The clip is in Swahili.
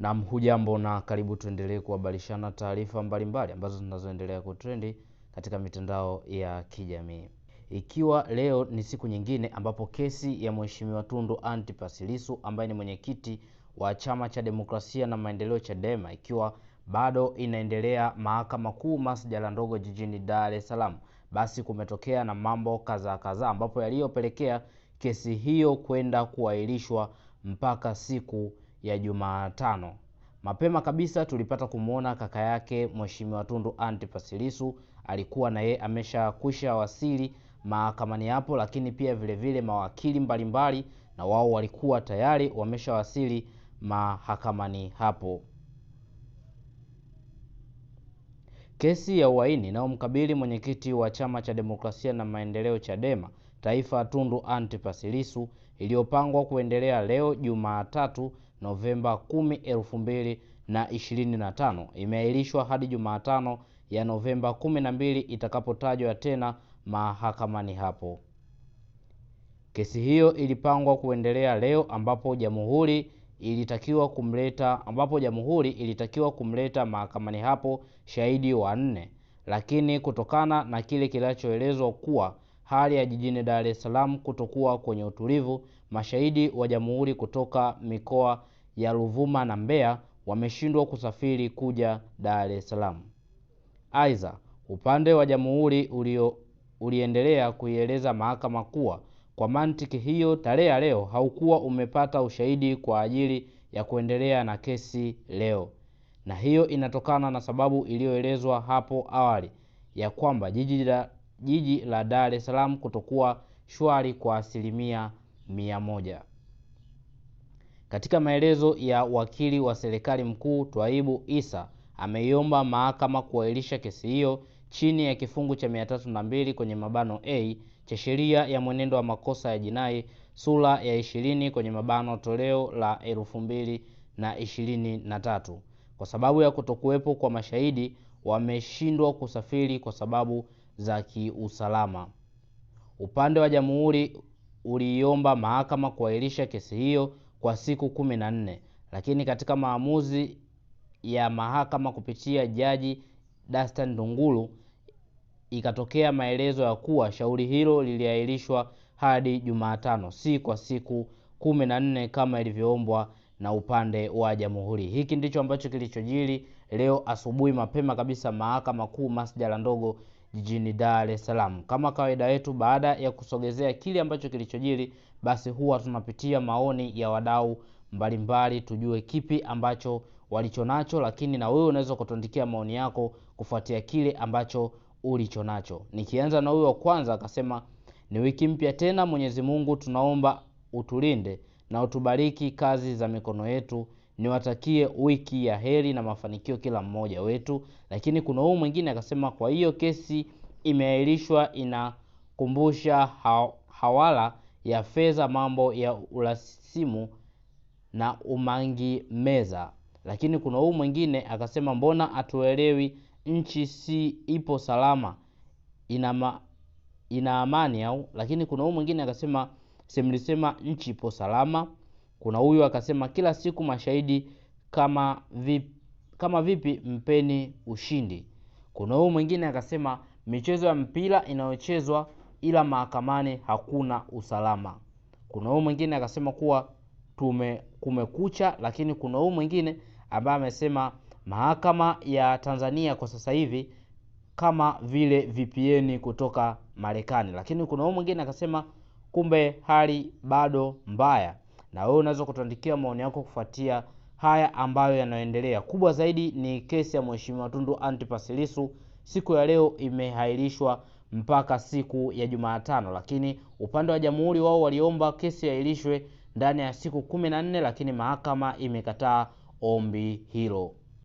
Na hujambo na karibu, tuendelee kuhabarishana taarifa mbalimbali ambazo zinazoendelea kutrendi katika mitandao ya kijamii. Ikiwa leo ni siku nyingine ambapo kesi ya Mheshimiwa Tundu antipasilisu ambaye ni mwenyekiti wa Chama cha Demokrasia na Maendeleo Chadema ikiwa bado inaendelea Mahakama Kuu masjala ndogo jijini Dar es Salaam, basi kumetokea na mambo kadhaa kadhaa ambapo yaliyopelekea kesi hiyo kwenda kuahirishwa mpaka siku ya Jumatano. Mapema kabisa tulipata kumwona kaka yake Mheshimiwa Tundu Antipas alikuwa na yeye ameshakwisha wasili mahakamani hapo, lakini pia vilevile vile mawakili mbalimbali na wao walikuwa tayari wameshawasili mahakamani hapo. Kesi ya uaini inayomkabili mwenyekiti wa Chama cha Demokrasia na Maendeleo Chadema Taifa Tundu Antipas iliyopangwa kuendelea leo Jumatatu Novemba 10, 2025 imeahirishwa hadi Jumatano ya Novemba 12 itakapotajwa tena mahakamani hapo. Kesi hiyo ilipangwa kuendelea leo ambapo jamhuri ilitakiwa kumleta ambapo jamhuri ilitakiwa kumleta mahakamani hapo shahidi wa nne, lakini kutokana na kile kinachoelezwa kuwa hali ya jijini Dar es Salaam kutokuwa kwenye utulivu, mashahidi wa jamhuri kutoka mikoa ya Ruvuma na Mbeya wameshindwa kusafiri kuja Dar es Salaam. Aidha, upande wa jamhuri uliendelea kuieleza mahakama kuwa kwa mantiki hiyo, tarehe ya leo haukuwa umepata ushahidi kwa ajili ya kuendelea na kesi leo, na hiyo inatokana na sababu iliyoelezwa hapo awali ya kwamba jiji la jiji la Dar es Salaam kutokuwa shwari kwa asilimia mia moja. Katika maelezo ya wakili wa serikali mkuu Twaibu Isa ameiomba mahakama kuahirisha kesi hiyo chini ya kifungu cha 302 kwenye mabano a cha sheria ya mwenendo wa makosa ya jinai sura ya ishirini kwenye mabano toleo la elfu na tatu kwa sababu ya kutokuwepo kwa mashahidi wameshindwa kusafiri kwa sababu za kiusalama. Upande wa Jamhuri uliiomba mahakama kuahirisha kesi hiyo kwa siku kumi na nne, lakini katika maamuzi ya mahakama kupitia Jaji Dastan Ndunguru ikatokea maelezo ya kuwa shauri hilo liliahirishwa hadi Jumatano, si kwa siku kumi na nne kama ilivyoombwa na upande wa Jamhuri. Hiki ndicho ambacho kilichojiri leo asubuhi mapema kabisa, mahakama kuu masjala ndogo jijini Dar es Salaam. Kama kawaida yetu, baada ya kusogezea kile ambacho kilichojiri, basi huwa tunapitia maoni ya wadau mbalimbali, tujue kipi ambacho walichonacho, lakini na wewe unaweza kutuandikia maoni yako kufuatia kile ambacho ulichonacho. Nikianza na huyo wa kwanza akasema, ni wiki mpya tena, Mwenyezi Mungu tunaomba utulinde na utubariki kazi za mikono yetu niwatakie wiki ya heri na mafanikio kila mmoja wetu. Lakini kuna huu mwingine akasema, kwa hiyo kesi imeahirishwa inakumbusha hawala ya fedha, mambo ya urasimu na umangi meza. Lakini kuna huu mwingine akasema, mbona hatuelewi? Nchi si ipo salama, ina ina amani au? Lakini kuna huu mwingine akasema, simlisema nchi ipo salama kuna huyu akasema kila siku mashahidi kama vipi, kama vipi mpeni ushindi. Kuna huyu mwingine akasema michezo ya mpira inayochezwa ila mahakamani hakuna usalama. Kuna huyu mwingine akasema kuwa tume kumekucha, lakini kuna huyu mwingine ambaye amesema mahakama ya Tanzania kwa sasa hivi kama vile VPN kutoka Marekani. Lakini kuna huyu mwingine akasema kumbe hali bado mbaya na wewe unaweza kutuandikia maoni yako kufuatia haya ambayo yanayoendelea. Kubwa zaidi ni kesi ya Mheshimiwa Tundu Antipas Lissu siku ya leo imehairishwa mpaka siku ya Jumatano, lakini upande wa jamhuri wao waliomba kesi iahirishwe ndani ya siku kumi na nne, lakini mahakama imekataa ombi hilo.